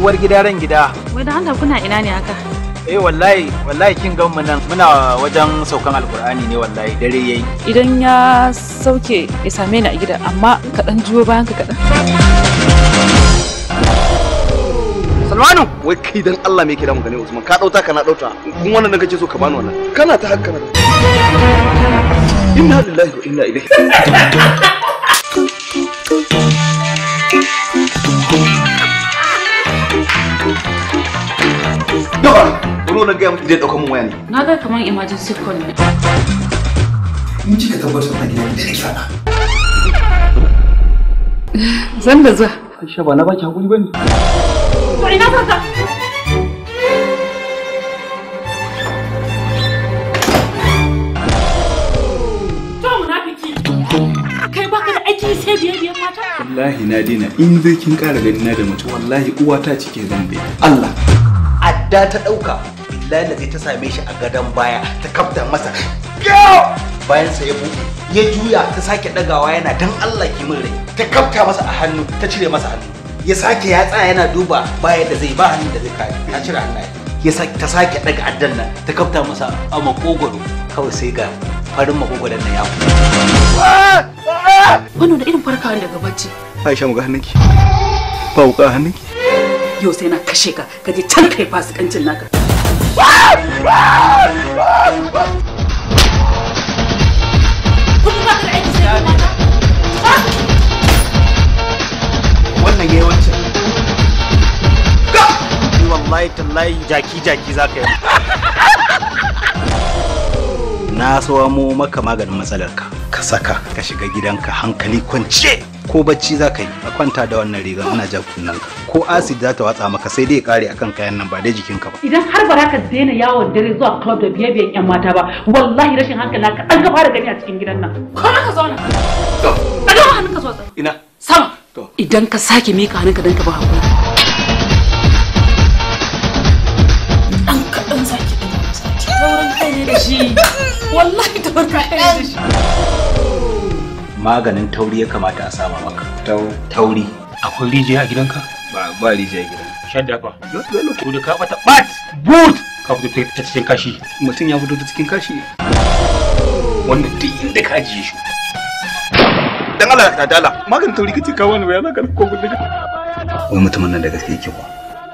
uwar gida ran gida wai da Allah kuna ina ne haka eh wallahi wallahi kin gan mu nan muna wajen saukan alkur'ani ne wallahi dare yayi idan ya sauke ya same ni a gida amma ka dan juyo bayan ka kadan Salmanu wai kai dan Allah me yake da mu gane Usman ka dauta kana dauta in wannan nan kace so ka bani wannan kana ta hakka inna lillahi wa inna ilaihi raji'un. ta faru gaya miki zai ɗauka min waya ne na ga kamar emergency call ne in kika tabbatar na gidan da kika zan da za Aisha ba na baki hakuri bane to ina kanka wallahi na dina in zai kin kara gani na da mace wallahi uwata cike zan dai Allah adda ta ɗauka billahi da ta same shi a gadon baya ta kafta masa bayan sa ya buɗe ya juya ta sake ɗagawa yana dan Allah ki min rai ta kafta masa a hannu ta cire masa hannu ya sake ya tsaya yana duba baya da zai ba hannun da zai kare ta cire hannaye ya ta sake ɗaga addan nan ta kafta masa a makogwaro kawai sai ga farin makogwaron nan ya kuma wannan da irin farkawa daga bacci Aisha muga hannunki ba wuka hannunki yau sai na kashe ka ka je can kai fasikancin naka wannan yayi wancan wallahi tallahi jaki jaki zaka yi na so mu maka maganin matsalarka ka saka ka shiga gidanka hankali kwance ko bacci za ka yi a kwanta da wannan riga ana ja kunnen ko acid za ta watsa maka sai dai kare akan kayan nan ba dai jikinka ba idan har ba ka daina yawon dare zuwa club da biye biyan yan mata ba wallahi rashin hankali ka an ka fara gani a cikin gidan nan ko ka zauna to daga ka zo ina sama to idan ka sake mika ka dan ka ba hakuri dan ka dan sake dan sake kai ne da shi wallahi tabarka kai da shi maganin tauri ya kamata a sama maka tauri akwai rijiya a gidanka ba ba rijiya a gidan shadda fa dole ko da ka bata bat but ka fito ta cikin kashi mutum ya fito ta cikin kashi wannan duk inda ka ajiye shi dan Allah ka dala maganin tauri kace ka wani bayan ka ko gudu wai mutumin nan da gaske yake ko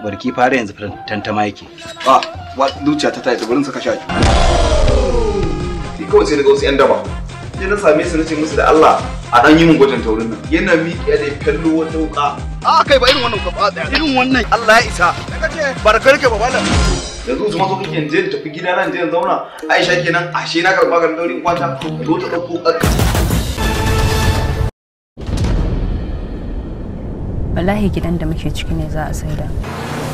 barki fara yanzu tantama yake Ba, wa zuciya ta tayi ta gurin saka shi Ko sai daga wasu 'yan daba sai na same su nace musu da Allah a dan yi mun gwajin taurin nan yana miƙe da kallo wata wuka a kai ba irin wannan ba tsaya irin wannan Allah ya isa daga ce barkar ke nan yanzu su maso kike je tafi gida nan je zauna Aisha kenan ashe na karba ga daurin kwata zo ta dauko ka wallahi gidan da muke ciki ne za a saida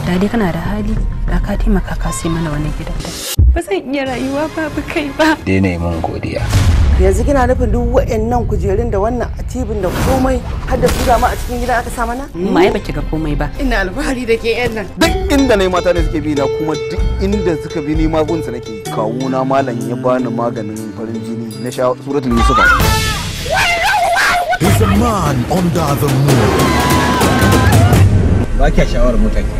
da dai kana da hali da ka taimaka ka sai mana wani gidan ba zan iya rayuwa babu kai ba Dene mun godiya yanzu kina nufin duk wa'annan kujerun da wannan atibin da komai har da su dama a cikin gida aka sa mana ma ya baki ga komai ba ina alfahari da ke yan nan duk inda yi mata ne suke bi na kuma duk inda suka bi ni magunsa nake kawo na malam ya bani maganin farin jini na sha suratul yusufa He's a man under the moon. Ba kya shawarar mutane.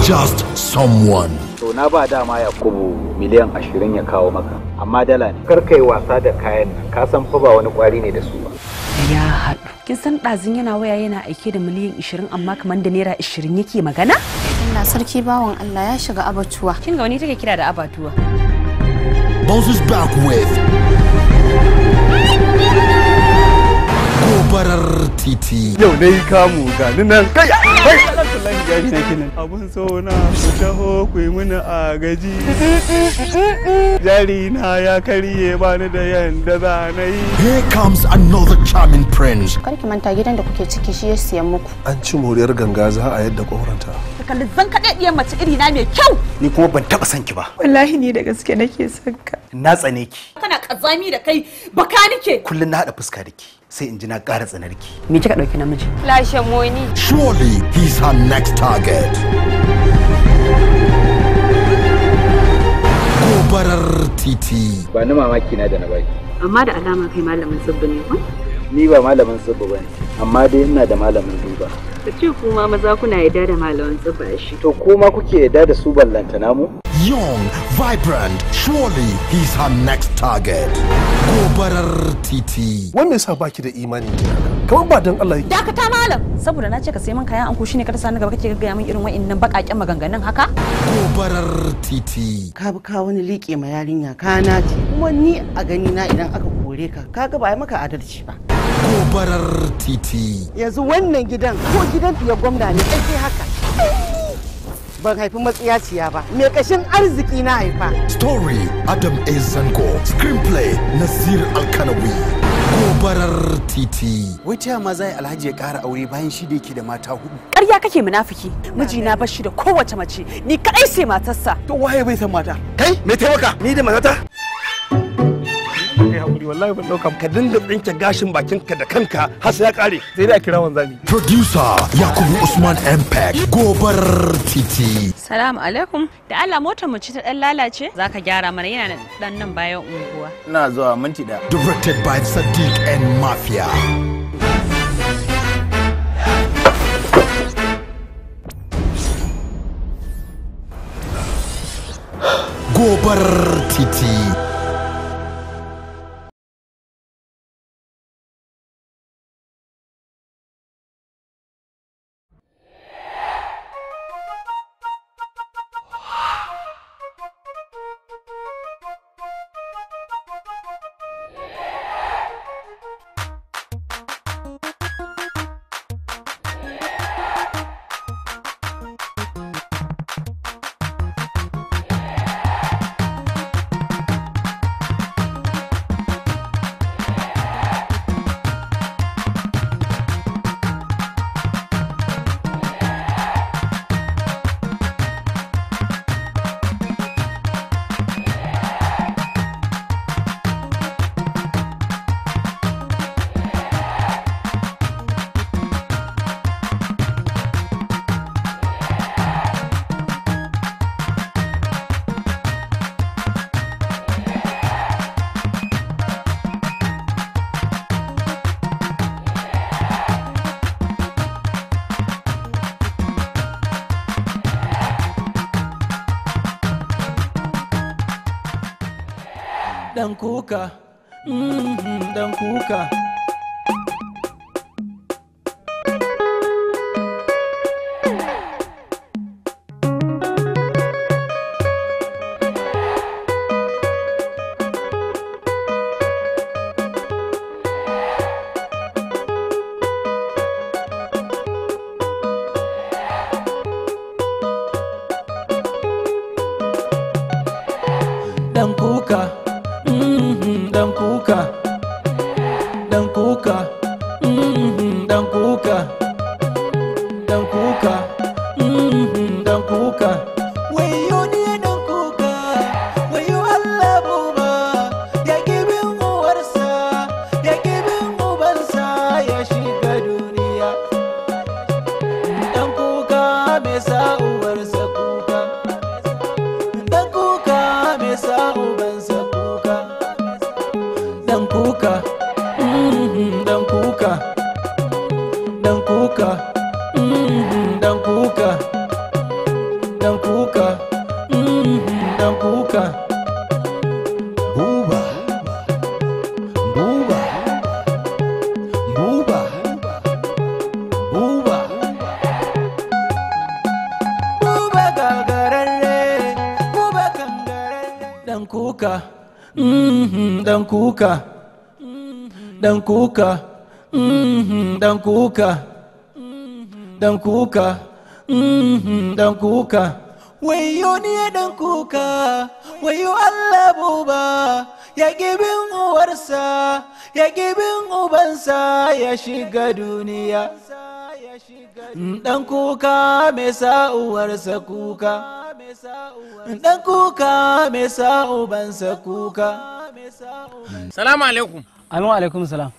just someone. To na ba dama kubu miliyan ashirin ya kawo maka, amma dala ne. Kar kai wasa da kayan nan, ka san fa ba wani kwari ne da su ba. Ya haɗu. Kin san ɗazin yana waya yana aike da miliyan ashirin amma kamar da naira ashirin yake magana? Allah sarki bawan Allah ya shiga abatuwa. Kin ga wani take kira da abatuwa. Bounces back with. barar titi yau na yi kamu gani nan kai kai abun sona ku taho ku yi mini a gaji jari ya karye bani da yanda za na yi here comes another charming prince kar manta gidan da kuke ciki shi ya siyan muku an ci moriyar ganga za a yadda koranta kalli zan kaɗe ɗiyan mace iri na mai kyau ni kuma ban taɓa son ki ba wallahi ni da gaske nake son ka na tsane ki kana kazami da kai baka nike kullum na haɗa fuska da ki sai in ji na ƙara tsanarki. Me kika ɗauki namiji? Lashe moni. Surely he's her next target. Gobarar titi. Ba ni mamaki na da na baki. Amma da alama kai malamin tsibbi ne ba? ni ba malamin zuba ba ne amma dai ina da malamin duba Ka ce kuma maza kuna yadda da malamin zuba shi to kuma kuke yadda da su ballanta namu young vibrant surely he's her next target gobarar titi wanda yasa baki da imani kamar ba dan Allah dakata malam saboda na ce ka sai min kayan anko shine ka tasa ni gaba kake gaggaya min irin wa'annan bakaken maganganun haka gobarar titi ka bi ka wani liƙe ma yarinya na ce kuma ni a gani na idan aka kore ka kaga ba ai maka adalci ba gobarar titi yanzu wannan gidan ko gidan ya gwamna ne sai haka ban haifi matsiyaciya ba mai kashin arziki na haifa story adam a zango screenplay nasir alkanawi gobarar titi wata maza ma zai alhaji ya kara aure bayan shi da yake da mata hudu ƙarya kake munafiki mijina ba shi da kowace mace ni kadai sai matarsa to waye bai san mata kai me taimaka ni da matata kai hakuri wallahi ban dauka ka dinda tsinke gashin bakin ka da kanka har sai ya kare sai da kira wanzami producer yakubu usman mpeg gobar titi salamu alaikum da Allah motar mu ci ta dan lalace zaka gyara mana yana dan nan bayan unguwa ina zuwa minti da directed by sadiq and mafia gobar titi dan kuka, mm -hmm, dan kuka. Mhm, dan kuka dan kuka mhm, dan kuka dan kuka wayo ni dan kuka wayo Allah buba ya gibin uwarsa ya gibin ubansa ya shiga duniya dan kuka mai sa uwarsa kuka dan kuka mai sa ubansa kuka salamu alaikum Alaikum alaikum salam.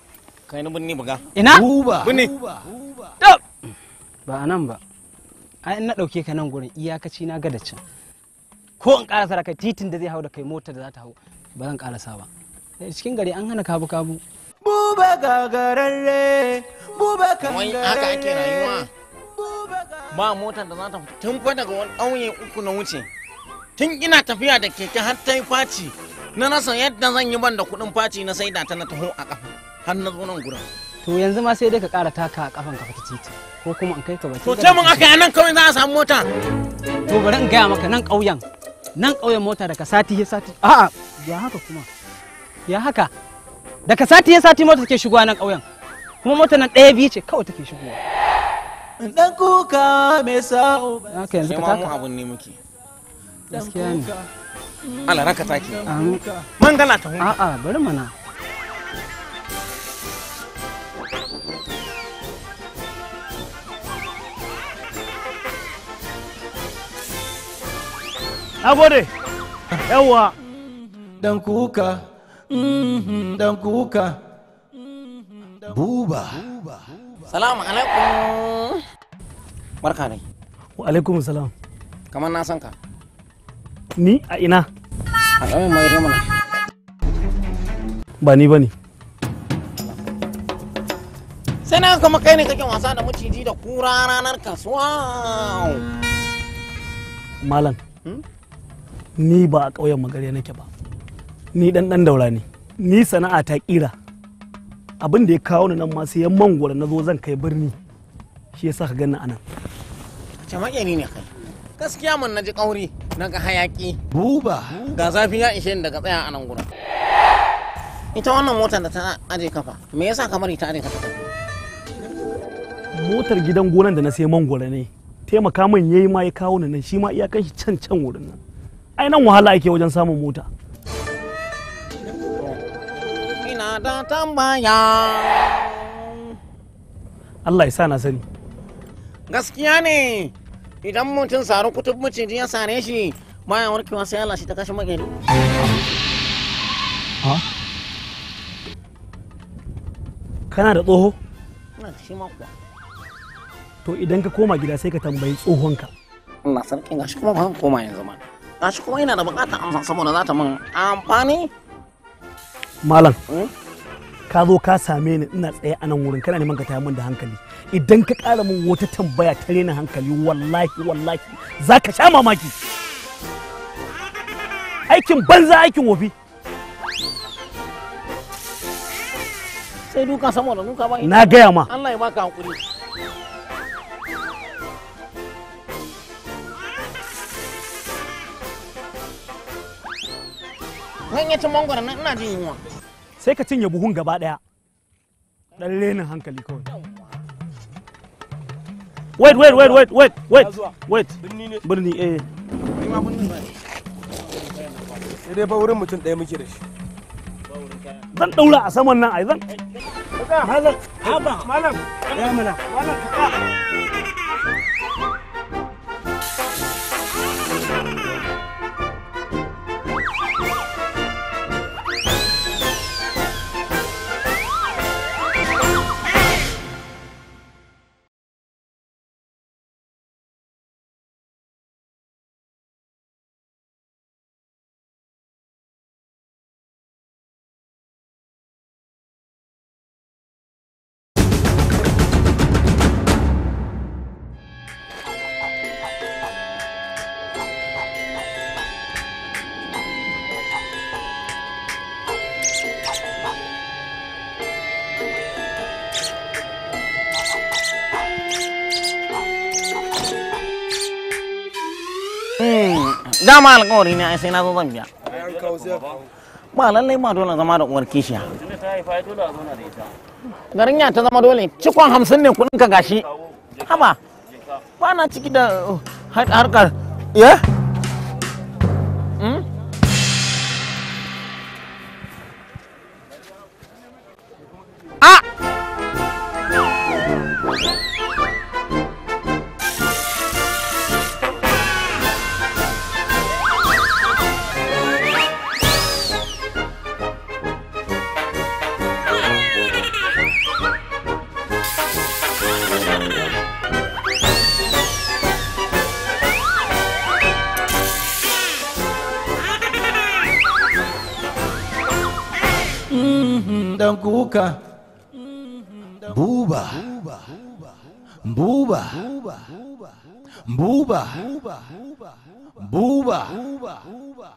Kai nan bunni buga. Ina? Buba. Binni. Ba anan ba. Ai in na ɗauke ka nan gurin iyakaci na gada can. Ko in ƙarasa da kai titin da zai hau da kai motar da za ta hau ba zan sa ba. Eh, cikin gari an hana kabu kabu. Buba gagararre. Buba kangararre. Wai haka ake rayuwa. Ba motar da za ta tun fa daga wani ƙauye uku na wuce. Tun ina tafiya da keke har ta yi faci. na rasa yadda zan yi ban da kuɗin faci na sai da ta na taho a kafa har na zo nan gura to yanzu ma sai dai ka ƙara taka a kafan ka fita titi ko kuma in kai ka baki to ce mun aka nan kawai za a samu mota to bari in gaya maka nan ƙauyen nan ƙauyen mota daga sati ya sati a'a ya haka kuma ya haka daga sati ya sati mota take shigowa nan ƙauyen kuma mota nan ɗaya biyu ce kawai take shigowa dan kuka mai sa'o ba yanzu ka taka abun ne muke gaskiya ne Allah ranka take. Man gala ta hunka. A'a bari mana. Nagode. Yawwa. Dan kuka. Dan kuka. Buba. Salamu alaikum. Barka ne. Wa alaikum salam. Kamar na san ka. Ni a ina? A Ba ni ba ne. Sai na kama kai ne kake wasa da maciji da kura ranar kasuwa. Malam, hmm? ni ba a ƙauyen magare nake ba. Ni ɗan ɗan daura ne. Ni sana'a ta ƙira. Abin da ya kawo ni nan ma sai yan mangwara na zo zan kai birni. Shi yasa ka gani anan. ce maƙeri ne kai? Gaskiya mun na ji ƙauri. na ga hayaki buba ga zafi ya ishe daga tsaya a nan gurin ita wannan motar da ta aje kafa me yasa kamar ita aje kafa motar gidan gonan da na sai mangwara ne taimaka min yayi ma ya kawo nan shi ma iyakan shi can can wurin nan ai nan wahala ake wajen samun mota ina da tambaya Allah ya sa na sani gaskiya ne idan mutum saru kutub mutum ya sare shi baya warkewa sai Allah shi ta kashe magani kana da tsoho shi ma kuwa to idan ka koma gida sai ka tambayi tsohonka Allah sarki gashi kuma ba koma yanzu ma gashi kuma ina da bukatar amsa saboda za ta min amfani malam hmm? ka zo ka same ni ina tsaye a nan wurin kana neman ka taya min da hankali idan ka kara min wata tambaya ta rena hankali wallahi wallahi za ka sha mamaki aikin banza aikin wofi sai duka sama da nuka ba na gaya ma Allah ya baka hankuri Zan ya ci mangwara na ina jin yunwa. Sai ka cinye buhun gaba ɗaya. Ɗan renin hankali kawai. wait wait wait wait wait wait wait birni eh sai dai ba wurin mutum ɗaya muke da shi zan ɗaura a saman nan ai zan malam malam malam malam dama alkawari ne ai sai na zo zan biya ba lallai ma dole zama da uwar kishiya garin ya ta zama dole cikon hamsin ne kudin ka gashi haba ba na ciki da harkar eh Huber. Huber.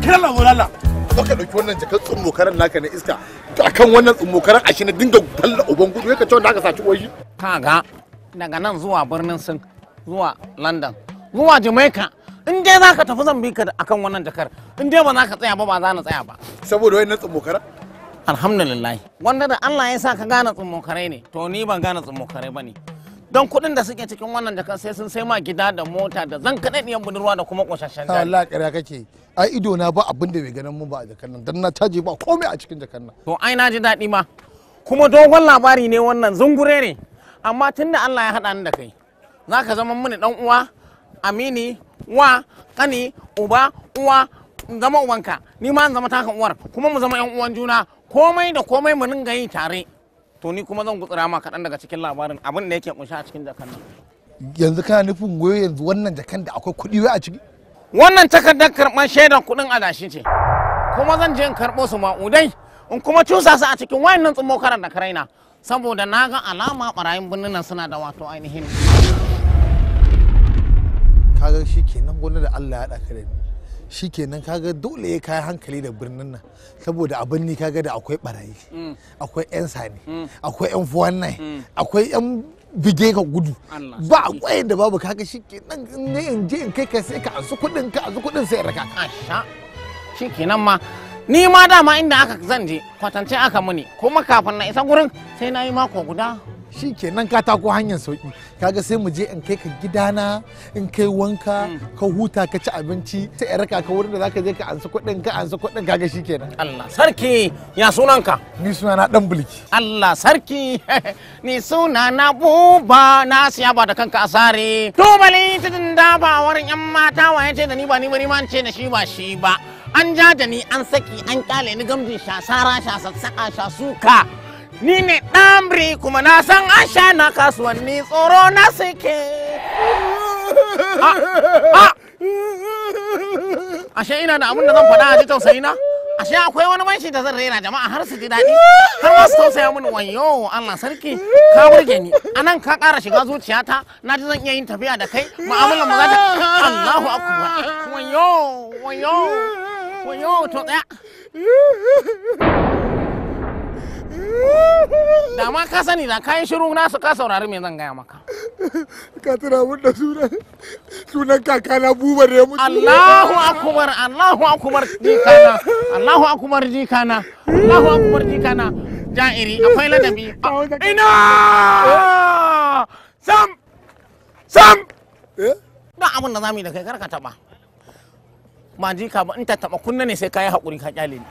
Kirala wulala. Zo ka ɗauki wannan jakar tsummokaran naka na iska. Ta kan wannan tsummokaran ashe na dinga balla uban gudu ya ka cewa da aka saci wai. Kaga daga nan zuwa birnin Sin zuwa London zuwa Jamaica in dai za ka tafi zan bi ka akan wannan jakar in dai ba za ka tsaya ba ba za na tsaya ba. Saboda wai na tsummokaran? alhamdulillah wanda da Allah ya sa ka gane tsummokarai ne to ni ban gane tsummokarai ba ne don kuɗin da suke cikin wannan jakar sai sun sai ma gida da mota da zan kaɗaɗiyar budurwa da kuma ƙwashashen jari. Allah ƙarya kake ai ido na ba abin da bai ganin mu ba a jakar nan don na caje ba komai a cikin jakar nan. To ai na ji daɗi ma kuma dogon labari ne wannan zungure ne amma tunda Allah ya haɗa ni da kai za ka zama mini dan uwa amini wa kani uba uwa zama uwanka ni ma zama taka uwar kuma mu zama 'yan uwan juna komai da komai mu dinga yi tare to ni kuma zan gutsura ma kaɗan daga cikin labarin abin da yake kunsha a cikin jakan nan yanzu kana nufin wayo yanzu wannan jakan da akwai kuɗi wai a ciki wannan takardar karɓar shaidar kuɗin adashi ce kuma zan je in karɓo su ma'udai in kuma cusa su a cikin wayannan tsummo karan da karaina saboda na ga alama barayin birninan nan suna da wato ainihin kaga shi kenan gwamnati da Allah ya haɗa da ni shikenan kaga dole ya kai hankali da birnin nan saboda a ni kaga da akwai barayi mm. akwai yan sani mm. akwai yan fuwan mm. akwai yan bige ka gudu ba kwaye da babu kaga shikenan in ne in je in kai ka sai ka asu kudin ka asu kudin sai raka asha shikenan ma ni ma dama inda aka zan je kwatance aka muni kuma kafin na isa gurin sai na yi mako guda shi ke nan katako hanyar sauki kaga sai mu je in kai ka gidana in kai wanka mm. ka huta ka ci abinci sai in raka ka wurin da zaka je ka ansa kuɗin ka ansa kuɗin kaga shi ke nan Allah sarki ya sunan ka ni suna na dan bulki Allah sarki ni suna na buba na siya ba da kanka asare tubali ba dabawar yan mata waye ce da ni ba ni ba ma ce da shi ba shi ba an ja da ni an saki an kyale ni gamjin shasara sha shasuka ni ne ɗamri kuma na san an sha na kasuwanni tsoro na suke ah, ah. ashe ina da abin da zan faɗa a ji tausayi na ashe akwai wani banshi da zan raina jama'a har su ji daɗi har ma su tausaya mini wayo Allah sarki ka burge ni anan ka ƙara shiga zuciyata na ji zan iya yin tafiya da kai mu'amala mu za ta Allahu akbar wayo wayo wayo to tsaya da ma ka sani da kayan shiru nasu ka saurari me zan gaya maka ka tura mun da sunan sunan kakana buba ne mutu Allahu akbar Allahu akbar jikana Allahu akbar jikana Allahu akbar jikana ja'iri akwai ladabi ina sam sam da eh? abin da zamu yi da kai karka taba ba jika ba in ta taba kunna ne sai ka yi hakuri ka kyale ni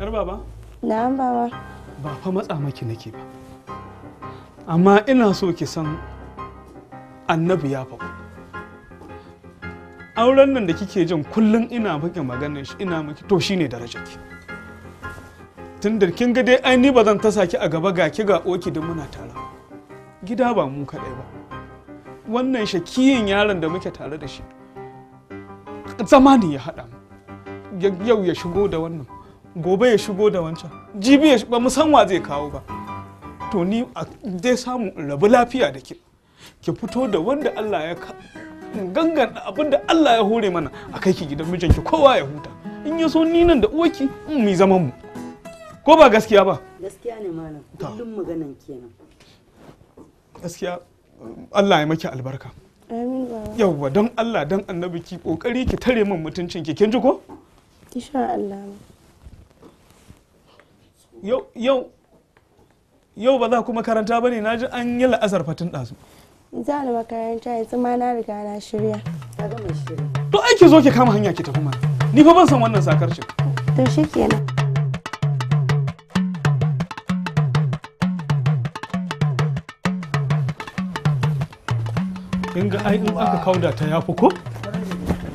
Yar baba? Na'am baba. Ba fa matsa maki nake ba. Amma ina so ki san annabi ya faɗo. Auren nan da kike jin kullum ina maki maganin shi ina maki to shine darajar ki. Tun da kin ga dai ai ni ba zan tasa ki a gaba ga ki ga oki da muna tara. Gida ba mu kaɗai ba. wannan shakiyin yaron da muke tare da shi zamani ya haɗa yau ya shigo da wannan gobe ya shigo da wancan jibi ba mu san wa zai kawo ba to ni dai samu rabu lafiya da ke ki fito da wanda Allah ya gangan abinda Allah ya hore mana a kai ki gidan mijinki kowa ya huta in ya so ni nan da uwaki mu zaman mu ko ba gaskiya ba gaskiya ne malam kullum maganan kenan gaskiya Allah ya maki albarka yawwa don Allah don annabi ki kokari ki tare min mutuncin ki kin ji ko insha Allah yau yau yau ba za ku makaranta ba ne na ji an yi la'asar fatin ɗazu za ni makaranta yanzu ma na riga na shirya to ai ki zo ki kama hanya ki tafi ma ni fa ban san wannan sakarcin to shikenan kin ga ai in aka kauda ta yafi ko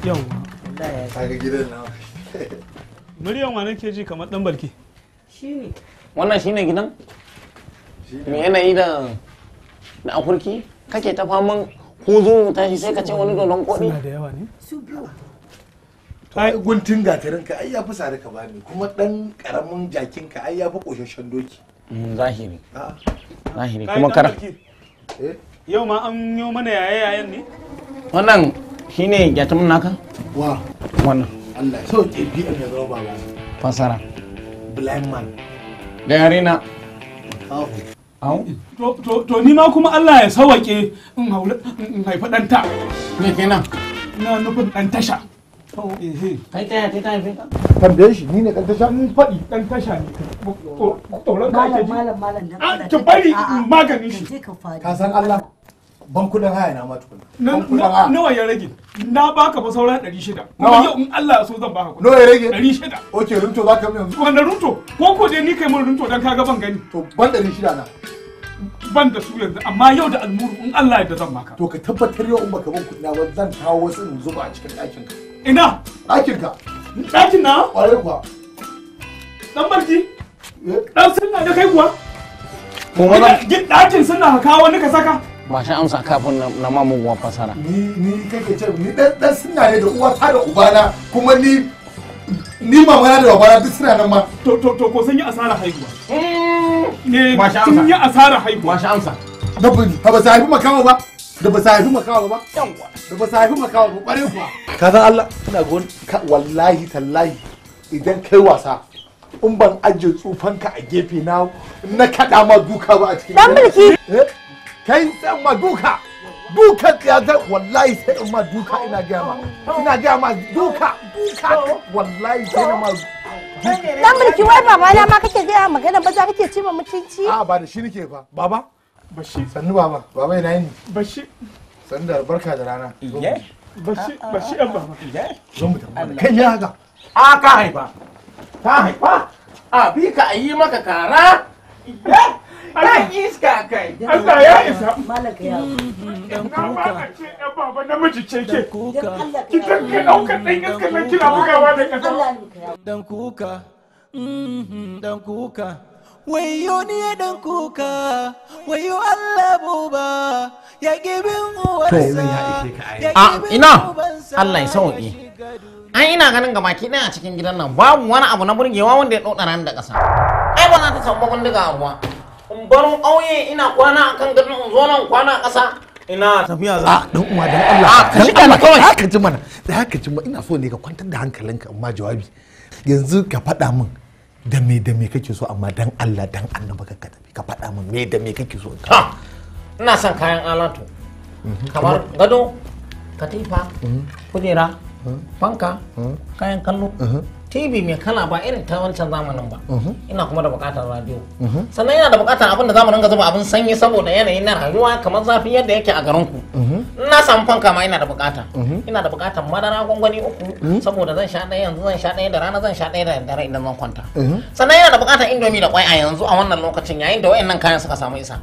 yawa kaga gidan na muryan wa nake ji kamar dan balki shine wannan shine gidan me yanayi da na afurki kake ta faman ko zo mu tashi sai ka ce wani dolon kodi da yawa ne su biyu ai guntun gatarin ka ai ya fi sare ka bani kuma dan karamin jakin ka ai ya fi koshashen doki mm, zahiri ah. zahiri kuma kara eh yau ma an yi mana yaye yayan ne wannan shine gyatun naka wa wannan Allah so ke bi da zama baba fasara blind man da yare na au to ni ma kuma Allah ya sawake in haifi ɗanta me kenan na nufin ɗan tasha kai ta yata haife ni ne tasha mun faɗi tasha ne ji malam malam bari maganin shi ka san Allah ban kudin haya na ma nawa ya rage na baka ba sauran 600 kuma yau in Allah ya so zan baka kudi nawa ya rage 600 okay runto zaka min yanzu wanda runto ko ko dai ni kai mun runto dan kaga ban gani to ban 600 na ban da su yanzu amma yau da almuru in Allah ya da zan maka to ka tabbatar yau in baka ban kudi na ba zan kawo wasu in zuba a cikin ɗakin ka ina ɗakin ka ɗakin na ƙwarai kuwa dan barki dan eh? sunna da kai kuwa gobe zan ɗakin sunna ka kawo wani ka saka ba shi amsa kafin na mamuguwa fasara ni ni kake ce ni ɗan dan sunna ne da uwa ta da ubana kuma ni ni mamana da babana duk suna nan ma to to to ko sun yi asara haihuwa ne mm. eh, sun yi asara haihuwa ba shi amsa da ba ba za a haifi makawa ba da ba sahifi makawa ba yawa da ba sahifi makawa ba kwarai ba ka san Allah ina gon wallahi tallahi idan kai wasa in ban ajiye ka a gefe na na kada ma duka ba a cikin dan mulki eh? kai san ma duka duka ya ta wallahi sai in ma duka ina ga ma ina ga ma duka duka wallahi sai na ma dan mulki wai baba na ma kake ga magana ba za kake ce ma mutunci a ba da shi nake ba baba bashi Sannu baba, baba ina yini? Bashir. Sannu da barka da rana. Iye. Bashir, ah, ah, Bashir an ah. baba. Iye. Zo mu tafi. Kai ya haka. A ka haifa. Ka haifa. A bi ka a yi maka kara. Iye. Kan iska kai. Allah ya isa. Malaka ya. Dan kuka. Dan baba namiji ce ke. Ki dan ka dauka dan iska nan kina bugawa da kasa. Dan kuka. Mm-hmm, dan kuka. wayo ni ya dan kuka wayo Allah buba ya gibin uwarsa ya ah, ina Allah ya sauki ai ina ganin gabaki ɗaya a cikin gidan nan babu wani abu na burgewa wanda ya dauka ran da ƙasa ai ba za ta samu bindiga daga abuwa in bar ƙauye ina kwana akan gadon in zo nan kwana a ƙasa ina tafiya za a ah, dan uwa dan Allah ah, ka ji mana kawai haka ji mana da haka ji ina so ne ka kwantar da hankalinka amma jawabi yanzu ka faɗa min da me da me kake so amma dan Allah dan annaba ka tafi ka faɗa min me da me kake so ha ina son kayan alatu mhm. kamar gado katifa mhm. kujera mhm. fanka kayan kallo TV mai kala ba irin ta wancan zamanin ba ina kuma da bukatar radio sannan ina da bukatar abin da zamanin ga zuba abin sanyi saboda yanayin na rayuwa kamar zafi yadda yake a garin ku na samu fanka ma ina da bukata mhm. ina da bukatar madara gwangwani uku mhm. saboda zan sha ɗaya yanzu zan sha ɗaya da rana zan sha ɗaya da dare idan zan kwanta mhm. sannan ina da bukatar indomi da kwai a yanzu a wannan lokacin yayin da wayannan kayan suka samu isa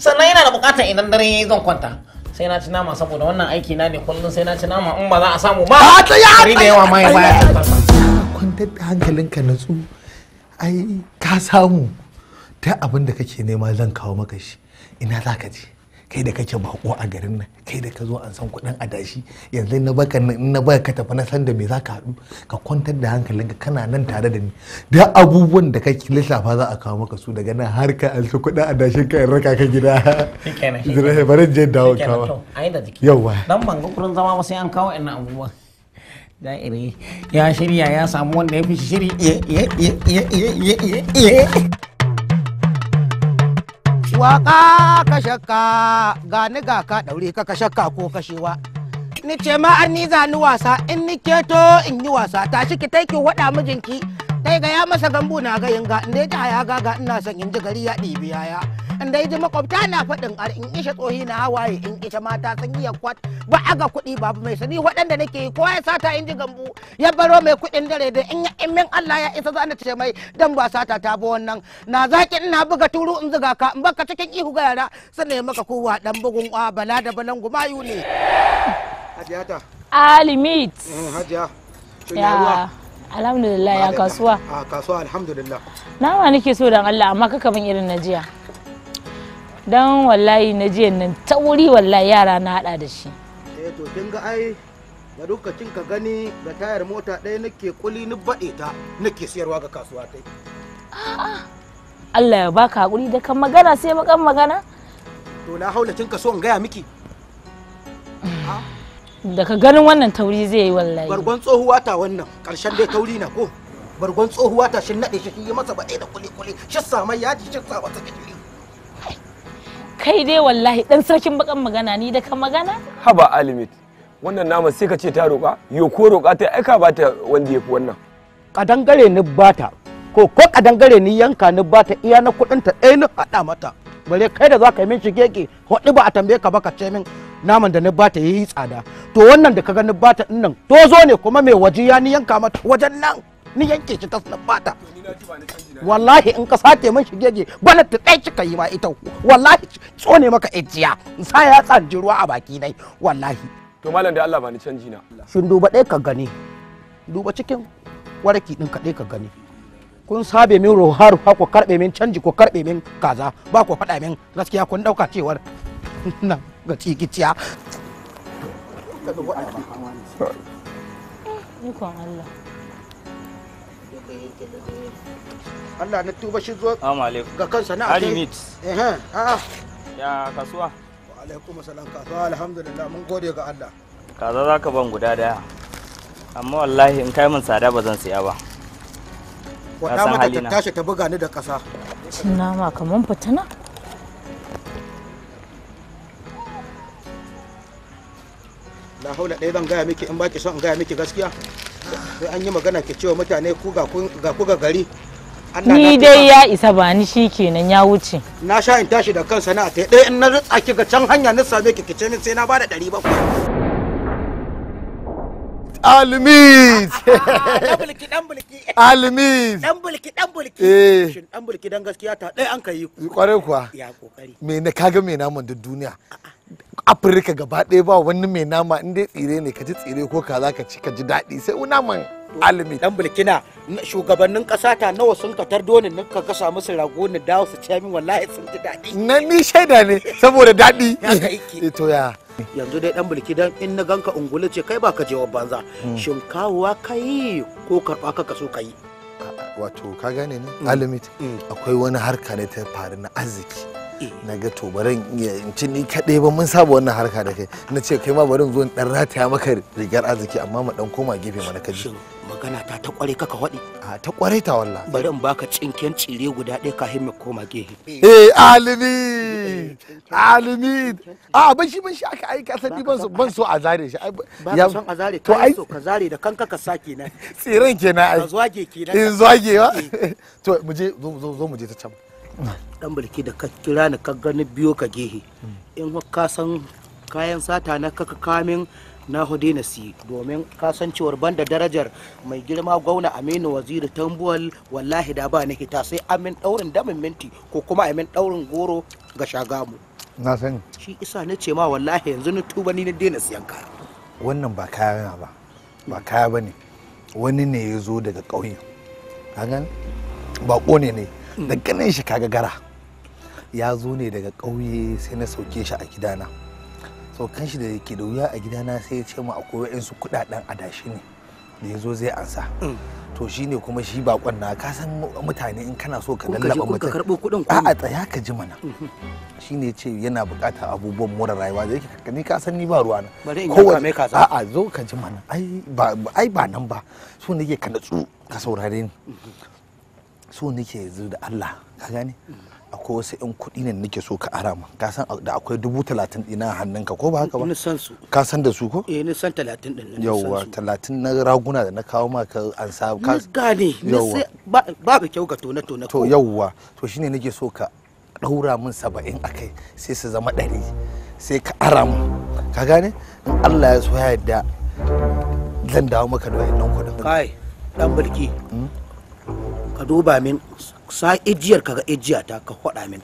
sannan ina da bukatar idan dare yayi zan kwanta sai na ci nama saboda wannan aiki na ne kullum sai na ci nama in ba za a samu ba kari ah, da yawa mai baya kwantar da hankalinka natsu ai ka samu ta abin da kake nema zan kawo maka shi ina za ka je kai da kake bako a garin nan kai da ka zo an san kuɗin adashi yanzu na baka na baka ka tafi na san da me za ka haɗu ka kwantar da hankalinka kana nan tare da ni da abubuwan da kake lissafa za a kawo maka su daga nan har ka alsu kuɗin adashin ka in raka ka gida zira bari je dawo ba yauwa dan ban ga kurin zama ba sai an kawo ina abubuwan ya shirya ya samu wanda ya fi shiri waka ka shakka ni ga ka daure ka ka shakka ko kashewa ni ce ma an ni zani wasa in ni keto in yi wasa tashi ki ki wada mijinki tai ga ya masa gambu na ga yinga in dai ta ya gaga ina son in ji gari ya ɗibi yaya in dai ji makwabta na faɗin ar in isha tsohi na hawaye in isha mata sun iya kwat ba ga kuɗi babu mai sani waɗanda nake yi kowa ya sata in ji gambu ya baro mai kuɗin dare da in min Allah ya isa zan ce mai dan ba sata ta bi wannan na zaki ina buga turu in zuga ka in baka cikin ihu ga yara sun ne maka kowa dan bugun kwa bala da balan gumayu ne Alimit Hajiya mm, Ya Alhamdulillah ya kasuwa a ah, kasuwa alhamdulillah nama nake so dan Allah amma kaka min irin na jiya don wallahi na jiya nan tauri wallahi yara na hada da shi eh to kin ga ai da lokacin ka gani ga tayar mota ɗaya nake kuli ni baɗe ta nake siyarwa ga kasuwa ta Allah ya baka hakuri da kan magana sai bakan magana to na haula kin ka so in gaya miki mm. da ka ganin wannan tauri zai yi wallahi bargon tsohuwa ta wannan karshen dai tauri na ko bargon tsohuwa ta shin nade shi yi masa bade da kuli kuli shi sama yaji shi sa wata kai dai wallahi dan sarkin bakan magana ni da kan magana haba alimit wannan nama sai ka ce ta roƙa yo ko roƙa ta aika ba ta wanda yafi wannan kadangare ni bata ko ko kadangare ni yanka ni bata iya na kudin ta ɗaya ni hada mata bare kai da zaka yi min shigeke ki ba a tambaye ka ba ka ce min naman da ni bata yi tsada to wannan da ka ga ni bata ɗin nan to zo ne kuma mai waje ya ni yanka mata wajen nan ni yanke shi ta na bata wallahi in ka sake min shigege bana ta dai cika yi ma ita wallahi tsone maka ejiya in sa ya tsanji ruwa a baki dai wallahi to malam da Allah ba ni canji na shin duba dai ka gani duba cikin waraki din ka dai ka gani kun sabe min ha ko karbe min canji ko karbe min kaza ba ko faɗa min gaskiya kun ɗauka cewar nan ga cikiciya ikon Allah Allah na tuba shi zo ga kansa na akai. Eh a'a. Ya kasuwa. Wa alaikum salam kasuwa alhamdulillah mun gode ga Allah. Kaza za ka ban guda daya. Amma wallahi in kai min tsada ba zan siya ba. Wata mata ta tashi ta buga ni da kasa. Cin nama kaman fitina. La haula ɗaya zan gaya miki in baki son in gaya miki gaskiya. sai an yi magana ke cewa mutane ku ga ku ga gari ni dai ya isa ba ni shi kenan ya wuce na sha in tashi da kansa na a ɗaya in na rutsa ki ga can hanya na same ki kice ni sai na bada ɗari bakwai almiz almiz dan bulki dan bulki eh. shin dan bulki dan gaskiya ta dai an kai ku kuwa ya kokari me ne kaga me naman da duniya afirka gaba daya ba wani mai nama inda tsire ne ka ji tsire ko ka za ka ci ka ji daɗi sai naman alimi dan shugabannin ƙasa ta nawa sun katar donin nan ka kasa musu rago ni dawo su ci min wallahi sun ji daɗi na ni shaida ne saboda daɗi eh, to ya yanzu dai dan bilkidan in na ganka ungulu ce kai baka wa banza hmm. shin kawuwa kai ko karba ka kaso kai wato ka gane ne hmm. alimit hmm. akwai wani harka ne ta faru na arziki Eh. na ga to barin in ci ni kaɗai ba mun saba wannan harka da kai na ce kai ma barin zo dan rataya maka rigar arziki amma mu dan koma gefe mana kaji magana ta ta kware kaka waɗi a ta kware ta walla bari in baka cinken cire guda ɗaya ka himmi koma gefe eh alimi alimi a ban shi ban shi aka aika sani ban so ban so a zare shi ba ka son a zare ai so ka zare da kanka ka saki na tsiran kenan ai zage kenan in eh, zage ba eh. to mu je zo mu je ta can dan bulki da ka kira ni ka gani biyo ka gehe in ka san kayan sata na kaka kamin na hudu na si domin kasancewar banda darajar mai girma gauna aminu waziri tambuwal wallahi da ba ni hita sai amin daurin damin minti ko kuma amin daurin goro ga shagamu na san shi isa na ce ma wallahi yanzu ni tuba ni na daina siyan kaya wannan ba kaya ba ba kaya bane wani ne ya zo daga ƙauyen kagan ba ne ne da ganin shi kaga gara ya zo ne daga ƙauye sai na sauke shi a gidana kan shi da yake da wuya a gidana sai ya ce mu akwai wa'insu kudaden adashi ne da ya zo zai ansa mm. to shine kuma shi bakon na ka san mutane in kana so ka lallaba mutum ka karbo kuɗin a'a tsaya ka ji mana mm-hmm. shi ne ce yana bukata abubuwan more rayuwa da yake ni ka san ni ba ruwa na kowane a zo ka ji mana ai ba ai ba nan ba so nake ka natsu ka saurare ni mm-hmm. so nake yanzu da Allah ka gane akwai wasu yan kuɗi ne nake so ka ara min ka san da akwai dubu talatin ɗina hannunka ko ba haka ba eh, san su ka san da su ko eh ni san talatin din ɗin yawa talatin na raguna da na kawo ma ka an sa ka gane ba ba kyau ka tona tona to yawa to shine nake so ka daura min saba'in akai sai su zama ɗari sai ka ara min ka gane in Allah ya so ya yarda zan dawo maka da wannan kuɗin kai dan bulki hmm? duba min sa ijiyar ka ga ijiya ta ka faɗa min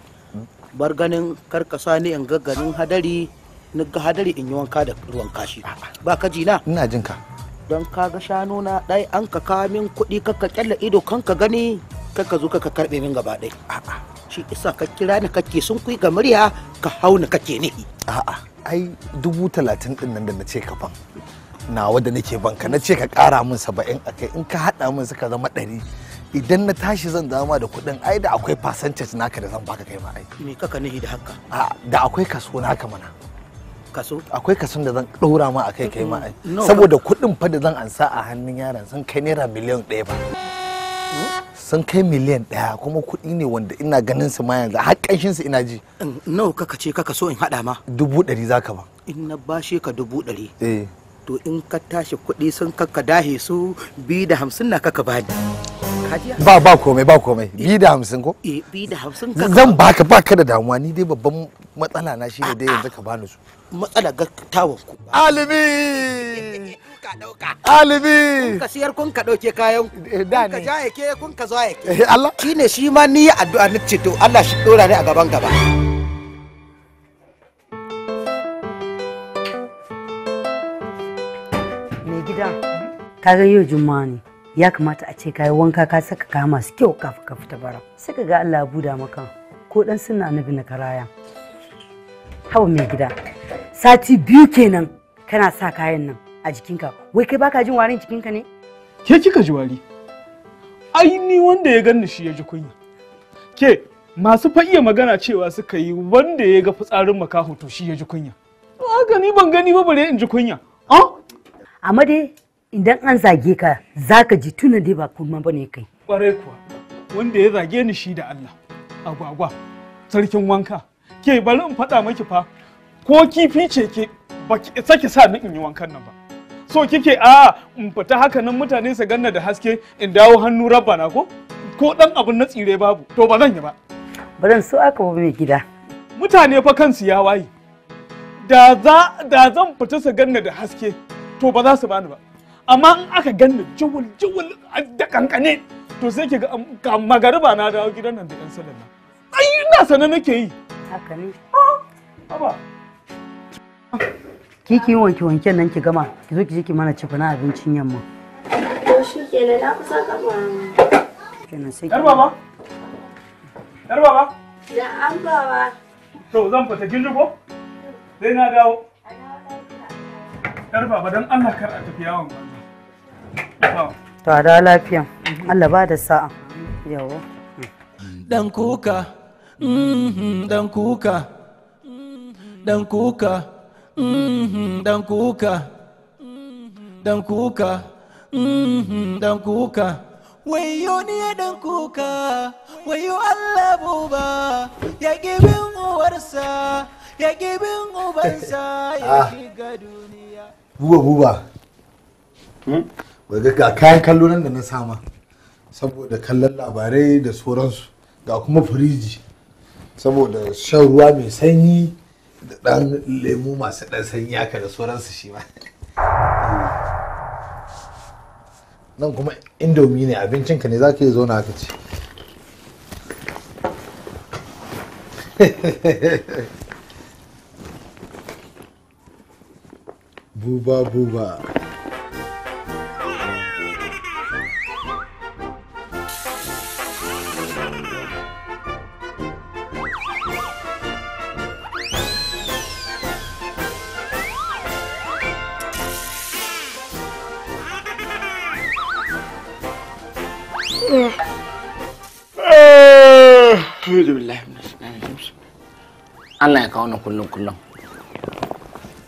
bar ganin karkasa sani in gagganin hadari ni ga hadari in yi wanka da ruwan kashi ba ka jina ina jin ka don ka ga shanu na dai an ka kawo min kuɗi ka ka kyalla ido kan ka gani ka ka zo ka karbe min gaba ɗai a'a shi isa ka kira ni kake sun kui ga murya ka hau ni kake nihi a'a ai dubu talatin din nan da na ce ka ban nawa da nake banka na ce ka kara min saba'in akai in ka hada min suka zama ɗari idan na tashi zan dama da kuɗin ai da akwai na naka da zan baka kai ma ai me kaka nihi da haka a da akwai kaso naka mana kaso akwai kason da zan ɗora ma akai kai ma ai saboda kuɗin fa da zan ansa a hannun yaron sun kai naira miliyan ɗaya ba sun kai miliyan ɗaya kuma kuɗi ne wanda ina ganin su ma yanzu har ƙanshin su ina ji mm, nawa kaka ce kaka so in haɗa ma dubu ɗari zaka ba in na bashe ka dubu ɗari eh. to in ka tashi kuɗi sun kakka dahe su biyu da hamsin na kaka bani ba ba komai ba komai bi da hamsin ko eh bi da hamsin ka zan baka baka da damuwa ni dai babban matsala na shi ne dai yanzu ka bani su matsala ga tawon ku alimi alimi ka siyar kun ka dauke kayan eh, da ne ka jaye ke kun ka zo ya ke eh, Allah shine shi ma ni addu'a ni ce to Allah shi dora ni a gaban gaba mai gida kaga yau juma'a ne ya kamata a ce ka yi wanka ka saka kaya masu kyau kafin ka fita bara sai ka ga Allah ya buda maka ko dan suna na bi na karaya hawa mai gida sati biyu kenan kana sa kayan nan a jikinka wai kai baka jin warin jikinka ne ke kika ji wari ai ni wanda ya ganni shi ya ji kunya ke masu fa iya magana cewa suka yi wanda ya ga fitsarin makaho to shi ya ji kunya ba gani ban gani ba bare in ji kunya ah! A dai idan an zage ka za ka ji tuna dai ba kuma ba ne kai. Ƙwarai kuwa, wanda ya zage ni shi da Allah, agwagwa, sarkin wanka, ke bari in faɗa maki fa, ko kifi ce ke ba ki isa ki sa ni in yi wankan nan ba. So kike a in fita haka nan mutane su ganna da haske in dawo hannu rabba na ko? Ko ɗan abin na tsire babu, to ba zan yi ba. Ba zan so aka ba mai gida. Mutane fa kansu ya waye. Da zan fita su ganna da haske, to ba za su bani ba. amma in aka ganni jawul jawul da kankane to sai ke ga magariba na dawo gidan nan da ɗan salon na. ai ina sana nake yi haka ne ah, haba ki ki wanke wanke nan ki gama ki zo ki je ki mana ci na abincin yamma to shi kenan na kusa gama kenan sai yar baba yar baba da an baba to zan fita kin ji ko sai na dawo yar baba dan Allah kar a tafi yawon ba To a da lafiya. Allah ba da sa'a. Yawo. Mm-hmm, dan kuka. Dan kuka. Mm-hmm, dan kuka. Dan kuka. Mm-hmm, dan kuka. Dan kuka. Wayo ni dan kuka, wayo Allah buba, ya gibin uwarsa, ya gibin ubansa, ya ah. shiga duniya. Buba buba. Hmm? ga kayan kallo nan da na sama saboda kallon labarai da sauransu ga kuma firiji saboda shan ruwa mai sanyi da ɗan lemu masu ɗan sanyi haka da sauransu shi ma nan kuma indomi ne abincinka ne zaka ka yi zauna haka ce buba buba Allah ya kawo na kullum kullum.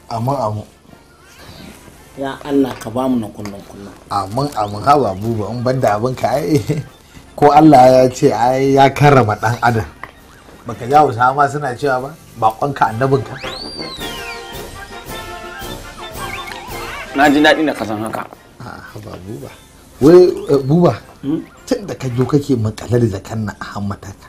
Amin amin. Ya Allah ka ba mu na kullum kullum. Amin amin ha ba buba in banda abin ka ai ko Allah ya ce ai ya karrama dan adam. Baka jawo ma suna cewa ba bakonka ka. Na ji daɗi da kasan haka. Ah, ba buba. Wai eh, buba. tun da ka zo kake makalar zakan na hammata ka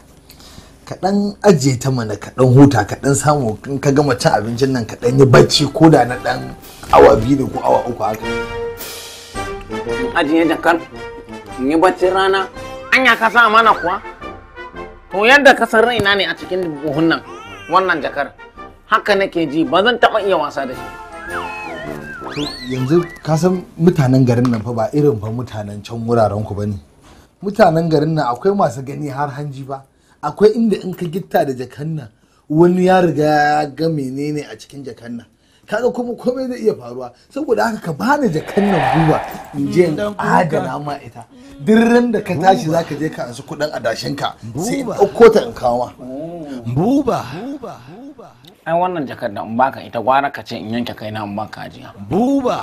kaɗan ajiye ta mana kaɗan huta kaɗan samu in ka gama cin abincin nan kaɗan yi bacci ko da na dan awa biyu da ko awa uku haka ajiye jakar in yi bacci rana anya ka sa mana kuwa to yadda ka san raina ne a cikin buhun nan wannan jakar haka nake ji ba zan taba iya wasa da shi to yanzu ka san mutanen garin nan fa ba irin fa mutanen can wuraren ku bane mutanen garin nan akwai masu gani har hanji ba akwai inda in ka gitta da jakan wani ya riga ga menene a cikin jakan kaga kuma komai zai iya faruwa saboda haka ka bani jakan nan guba in je in adana ma ita duk da ka tashi za ka je ka ansu kudin adashin ka sai in dauko ta in kawo buba ai wannan jakar da in baka ita gwara ka ce in yanke kai na in baka ajiya buba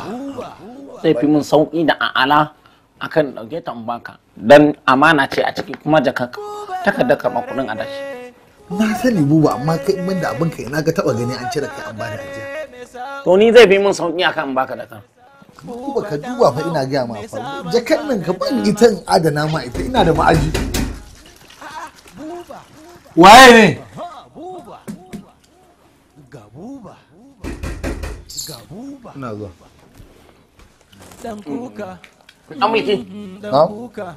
zai fi mun sauki da a'ala akan dauke ta in baka dan amana ce a ciki kuma jakar takardar karɓar kudin adashi na sani buba amma kai ban da abin ka ina ga taba gani an cire kai an bani ajiya to ni zai fi mun sauki akan baka da kan duba ka duba fa ina gaya ma fa jakan nan ka ban ita in adana ma ita ina da ma'aji waye ne ina zuwa dan kuka dan miki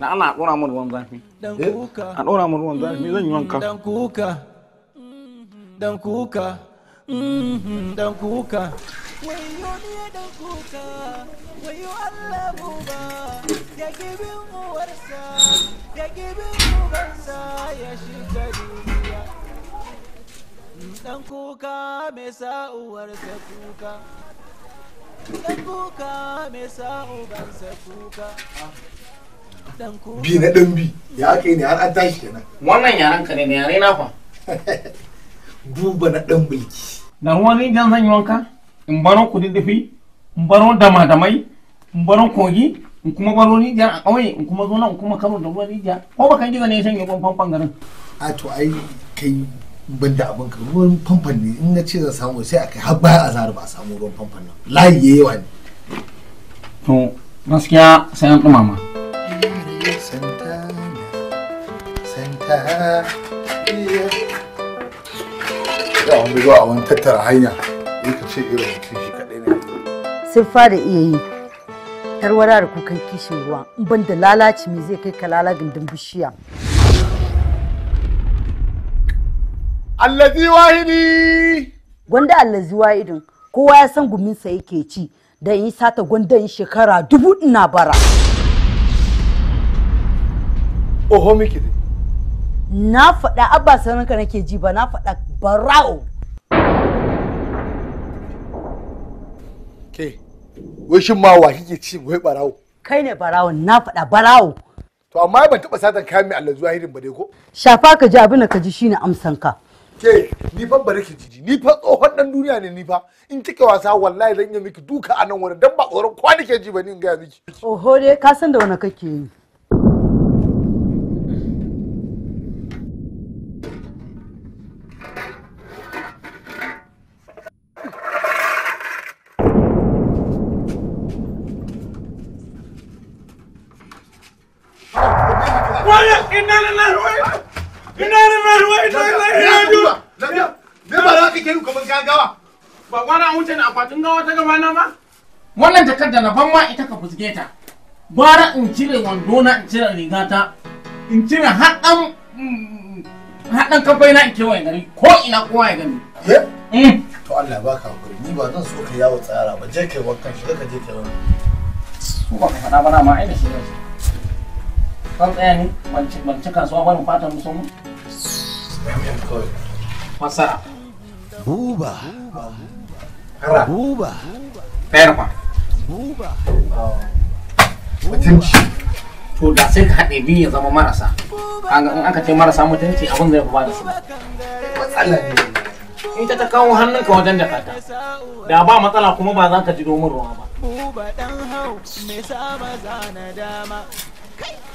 na ana dora mu ruwan zafi eh? a ɗora mu ruwan zafi zan yi wanka dan kuka dan kuka Mm-hmm, dan kuka wayo ne dan kuka wayo Allah buba ya mu warsa ya mu warsa ya shiga duniya dan kuka me sa sa kuka dan kuka me sa sa kuka bi na dan bi ya aka ne har an tashi kenan wannan yaran ka ne yare na fa duba na dan mulki na ruwa ne dan zan yi wanka in baro kudin dafi in baro dama damai in baro kogi in kuma baro ni a ƙauye in kuma zo nan in kuma karo da ruwan rijiya ko kan gizo ne san shanye ruwan garin a to ai kai ban da abin ka ruwan famfan ne in na ce zan samu sai a kai har baya zaru ba a samu ruwan famfan nan layi yayi wa ne to gaskiya sai an dumama santana santana ya wani zuwa a wani tattara hanya ya ka ce irin mutum shi kaɗai ne siffa da iya yi tarwara da kukan kishin ruwa in ban da lalaci me zai kai ka lala gindin bishiya allazi wahidi gwanda allazi wahidin kowa ya san guminsa yake ci da yi sata gwandan shekara dubu ina bara oho miki dai na faɗa abba sanarka nake ji ba na faɗa bara'u ke wai shin ma wa kike ci wai barawo kai ne barau na faɗa barawo to amma ban taɓa satan kayan mai zuwa ahirin ba dai ko shafa ka ji abin da ka ji shine amsan ka ke ni fa bare ki ji, ni fa tsohon dan duniya ne ni fa in kike wasa wallahi zan yi miki duka a nan wani dan ba tsoron nake ji ba ni in ga miki oho dai ka san da wani kake yi Wannan inna lillahi wuce na akwatin Wannan takarda na ban ma ita ka fusge ta. Gwara in cire wandona in cire rigata. In cire haɗan haɗan kafai na in kewaye gari ko ina kowa ya gani. Eh? Mm. To Allah ba ka hakuri ni ba zan so ka yawo tsara ba je kai wankan shi ka je kai wani Ko ba ka faɗa ba na ma aina shi ne. kan tsaya ne ban ci kasuwa ba mu fata musu mu fasara buba hara buba ɗayar ba buba mutunci da sai ka haɗe biyu ya zama marasa kaga in aka ce marasa mutunci abin zai ba da su matsala ne ita ta kawo hannunka wajen da da ba matsala kuma ba za ka ji domin ruwa ba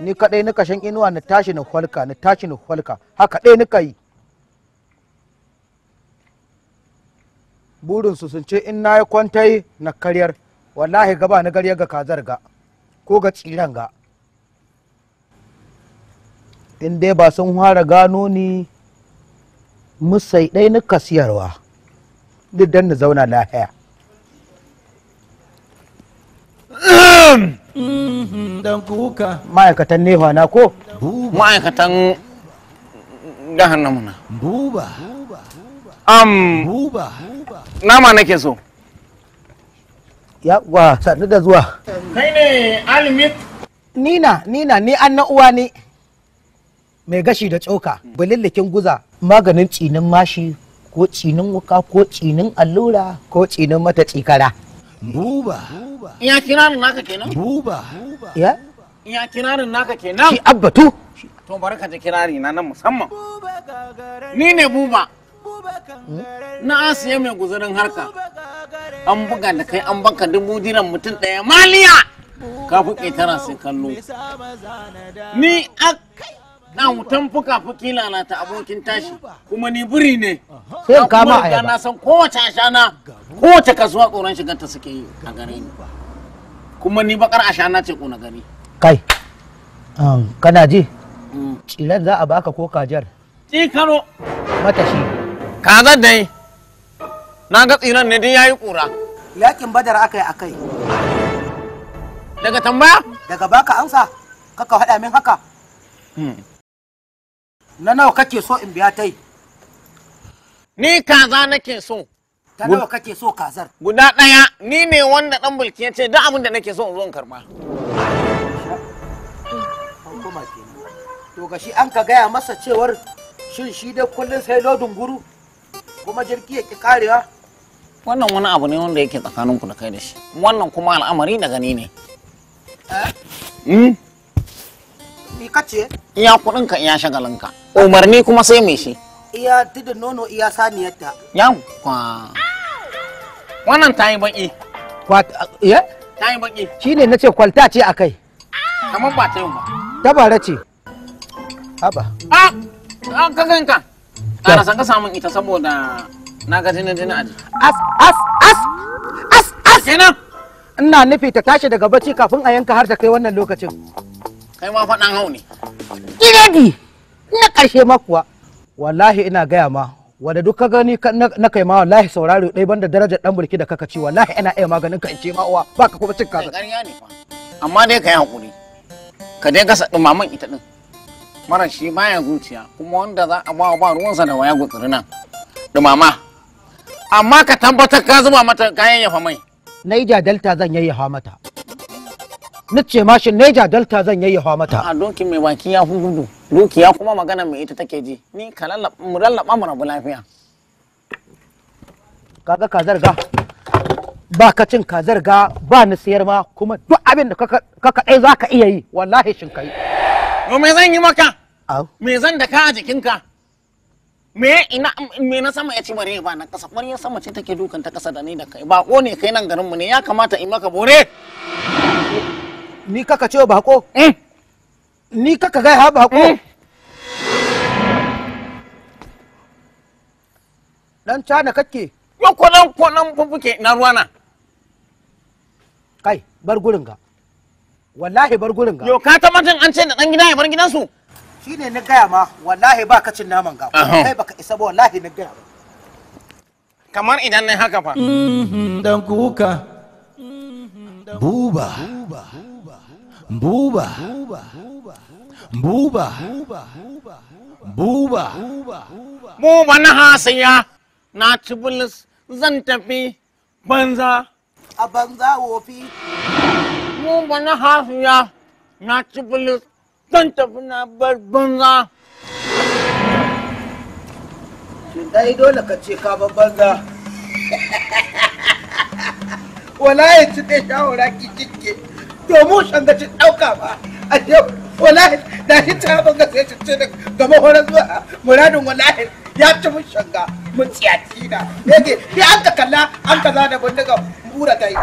ni kadai nika shan inuwa na tashi na hulka na tashi na hulka haka dai nika yi burinsu sun ce in na yi kwantai na karyar wallahi gaba na garya ga kazar ga ko ga tsiran ga in dai ba sun fara gano ni musai dai na kasiyarwa duk na zauna lahiya Mm-hmm, dan kuka ma'aikatan nefa na ko ma'aikatan jahannama na buba am buba nama nake so yawa sannu da zuwa kai ne alimit nina nina ni an na uwa ne mai gashi da tsoka bulillikin guza maganin tsinin mashi ko tsinin wuka ko tsinin allura ko tsinin mata tsikara buba ya iya naka kenan buba ya Ya kirarin naka kenan shi abbatu to baraka da kirari na nan musamman ni ne buba na asiya mai guzurin harka an buga da kai an baka dubu dinar mutum ɗaya maliya ka fuke tara sai kallo ni a na wutan fuka-fuki lalata abokin tashi kuma ni buri ne sai ma a na san kowace ashana kowace kasuwa tsoron shigar ta suke yi a gare ni kuma ni bakar ashana ce ko na gani kai um, kana ji mm. tsiran za a baka ko kajar tsikaro matashi kaza dai na ga tsiran ne dai yayi kura yakin badar akai akai daga tambaya daga baka amsa kaka hada min haka hmm. na nawa kake so in biya tai ni kaza nake so ta nawa kake so kazar guda ɗaya ni ne wanda dan bulki ya ce duk abin da nake so in zo in karba to gashi shi an ka gaya masa cewar shin shi dai kullum sai lodin guru kuma jirgi ya karewa wannan wani abu ne wanda yake tsakaninku da kai da shi wannan kuma al'amari da gani ne eh? hmm? ni kace iya kuɗinka iya shagalinka umarni kuma sai mai shi iya tudun nono iya saniyarta. Yankwa. Wannan ta yi baƙi. Iya? Eh? Ta yi baƙi. Shi ne na ce kwalta ce a kai. Kamar ba ta yi ba. Tabara ce. Haba. Ah, An ka ganka. san ka samun ita saboda na ga jinin jini a ji. As! As! As! As! As! Kenan. Ina nufi ta tashi daga bacci kafin a yanka har ta kai wannan lokacin. Kai ma faɗan hau ne. Kiredi! Na ƙarshe makuwa. wallahi ina gaya ma wanda duk ka gani na kai ma wallahi sauraro ɗai banda darajar dan burki da kaka ci wallahi ina iya maganin ka in ce ma uwa baka kuma cin kaza amma dai ka yi hakuri ka dai gasa dumamin ita din mara shi ya zuciya kuma wanda za a ba ba ruwansa da waya gutsuri nan dumama amma ka tabbatar ka zuba mata kayan yafa mai naija delta zan yayyafa mata ni ce mashin naija delta zan yayyafa mata a dokin mai baki ya fi gudu dukiya kuma magana mai ita take ji ni ka mu lallaba mu rabu lafiya kaga ka zarga ba ka cin ka zarga ba ni siyar ma kuma duk abin da ka ka za ka iya yi wallahi shin kai to me zan yi maka me zan da ka a jikinka me ina me na sama ya ci bare ba na kasa bare sama ce take dukan ta kasa da ni da kai ba ko ne kai nan garin mu ne ya kamata in maka bore ni kaka ce ko eh ni kaka gai ha bako eh. dan cana kake yo ko dan ko na ruwa na ruwana kai bar gurin ga wallahi bar gurin ga yo ka ta mantan an ce da dan gida ya bar gidansu shine na gaya ma wallahi ba ka cin naman ga kai baka isa ba wallahi na gaya kamar idan ne haka fa mhm, dan kuka mhm, buba, buba. buba buba buba buba na Hasiya na ci zan tafi banza a banza wofi buba na Hasiya na ci zan tafi na bar banza dai dole ka ce ka bar banza wala ya ci da shawara ki cike promotion da ci ɗauka ba a yau wallahi da shi ta haɓar gasa ya cece da gaba horar zuwa muradin wallahi ya ci mun shanga mun tsiyaci na yake sai an ka kalla an ka za da bindiga bura ta yi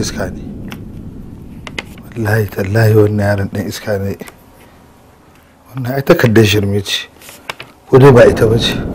iska ne wallahi tallahi wannan yaron dan iska ne wannan ai takardar shirme ko dai ba ita ba ce